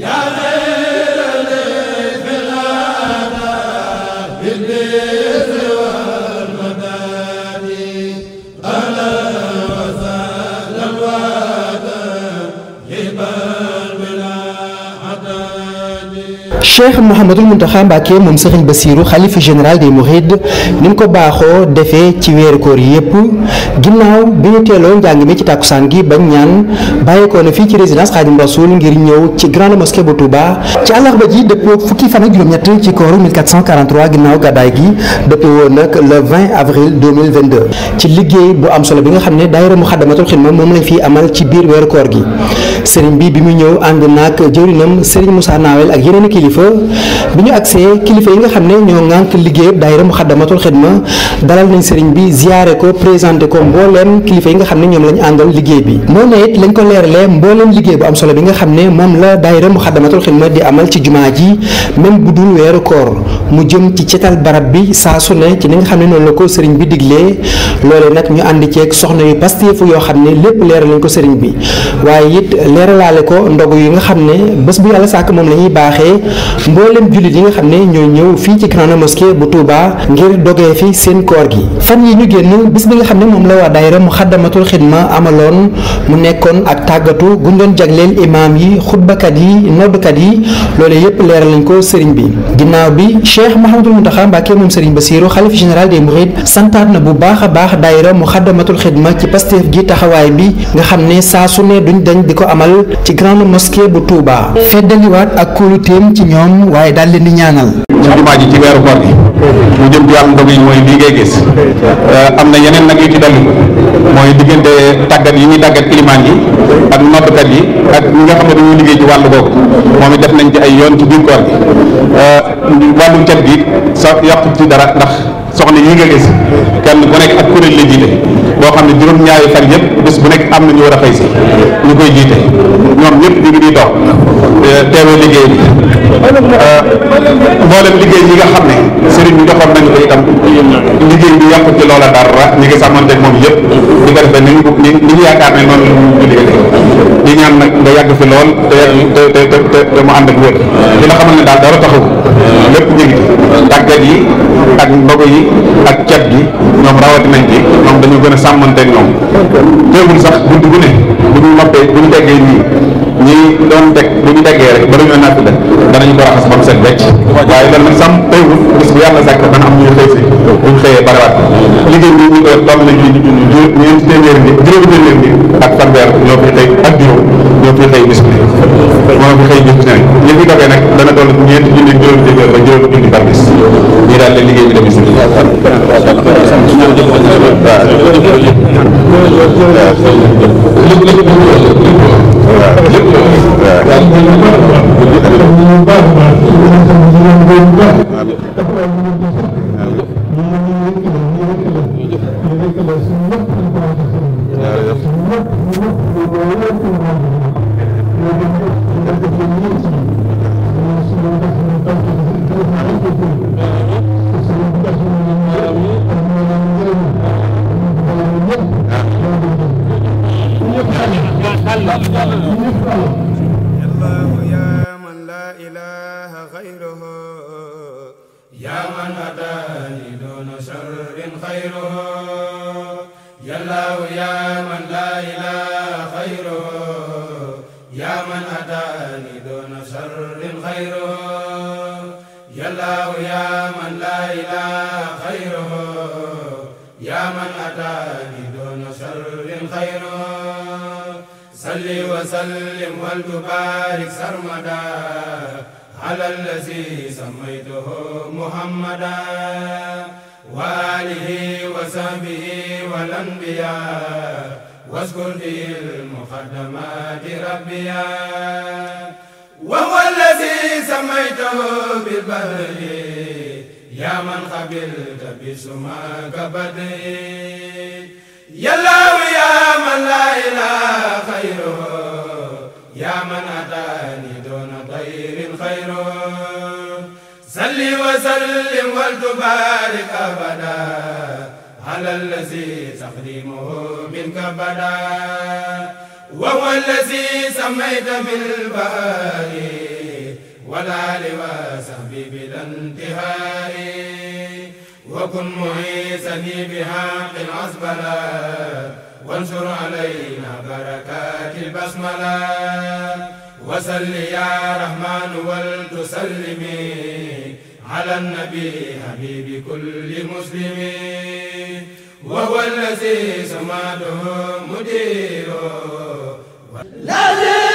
yaa Cheikh Mouhamadul Mountakha Mbacké moom Serigne Bassirou xalifa général des Mourides ni mu ko baaxoo defee ci weeru koor yi yëpp ginnaaw bi ñu teeloo njàng mi ci tàkkusaan gi bañ ñaan koo na fii ci résidence Khadim Rasoul ngir ñëw ci grande mosquée bu Touba ci àllarba ji dëppoo fukki fan ak juróom-ñett ci kooru 1443 ginnaaw gàddaay gi dëppoo woon nag le avril ci liggéey bu am solo bi nga xam ne daayira Muxaddamatul Xidma moom lañ fiy amal ci biir weeru koor gi sëriñ bi bi mu ñëw ànd naag jëwrinam sëriñ Moussa Nawel ak yeneen kilifa bi ñu agsee kilifa yi nga xam ne ñoo ŋànk liggéey daayira Muxaddamatul Xidma dalal nañ sëriñ bi ziyaare ko présente ko mbooleem kilifa yi nga xam ne ñoom lañ àndal liggéey bi noonu it lañ ko leeralee mbooleem liggéey bu am solo bi nga xam ne moom la daayira Muxaddamatul Xidma di amal ci jumaa ji même bu dul weeru koor mu jëm ci cetal barab bi saa su ne ci ni nga xam ne noonu la ko sëriñ bi diglee loolee nag ñu ànd ceeg soxna yu pasteefu yoo xam ne lépp leeral lañ ko sëriñ bi leeralaale ko ndogu yi nga xam ne bés bu yàlla sàkk moom la ñuy mboolem jullit yi nga xam ne ñooy ñëw fii ci grande mosquée bu Touba ngir dogee fi seen koor gi fan yi ñu génn bis bi nga xam ne moom la waa daayira mu xaddamatul xidma amaloon mu nekkoon ak tàggatu gu ñu doon jagleel imaam yi xutbakat yi noddkat yi loole yépp leeral lañ ko sëriñ bi ginnaaw bi Cheikh Mouhamadul Mountakha Mbacké moom sëriñ Bassirou xalif général des mourides santaat na bu baax a baax daayira mu xaddamatul xidma ci Pastef gi taxawaay bi nga amal ci grande mosquée bu Touba. feddaliwaat ak kóoluteem ci ñoom waaye daal leen di ñaanal. ci jumaa ji ci weeru koor gi mu jëm ci wàllu ndogu yi mooy lii ngay gis euh, am na yeneen nag yu ci dolli mooy diggante tàggat yi ñuy tàggat climat yi ak noddkat yi ak ñi nga xam ne dañuy liggéey ci wàll googu moom it def nañ ci ay yoon ci biir koor gi euh, wàllum cet gi sa yàqu ci dara ndax soxla yi nga gis kenn ku nekk ak kuréel la jiite ñaari fan yëpp bés bu nekk am na ñu war si ñu koy jiite ñoom ñëpp ñu ngi di dox teewee liggéey bi euh, mboolem liggéey yi nga xam ne sëriñ bi joxoon nañu ko itam liggéey bi yàqu ci loola dara ñu ngi sàmmante moom yëpp di ko defee ni ñu yaakaar ne noonu ñu liggéey di ñaan nag nga yàgg fi lool te te te te mu ànd ak wér di la xamal ne daal dara taxaw lépp ñu ngi yi ak ndogo yi ak cet gi ñoom rawati nañ ci xam dañoo gën a sàmmanteeg ñoom teewul sax bunt bu ne bu ñu noppee bu ñu nii ñi doon teg bu ñu teggee rek ba dañu natt de danañ ko raxas ba mu set wecc waaye loolu nag sàmm teewul bis bu yàlla sàkk dana am ñuy xëy si buñ xëyee bariwaat liggéey bi ñu koy toll nañ ñu ñeenti téeméeri bi juróomi lépp إله غيره يا من أتاني دون شر خيره يا الله يا من لا إله خيره يا من أتاني دون شر خيره يا الله يا من لا إله خيره يا من أتاني دون شر خيره صل وسلم وتبارك سرمدا على الذي سميته محمدا وآله وصحبه والأنبياء واذكر في المقدمات ربيا وهو الذي سميته بالبدر يا من قبلت بسماك بدري يلا وسلم ولتبارك أبدا على الذي تقديمه منك بدا وهو الذي سميت بالباري والآل وصحبي بلا انتهاء وكن معيسني بحق العزبلة وانشر علينا بركات البسملة وسل يا رحمن ولتسلمي على النبي حبيب كل مسلم وهو الذي سماته مدير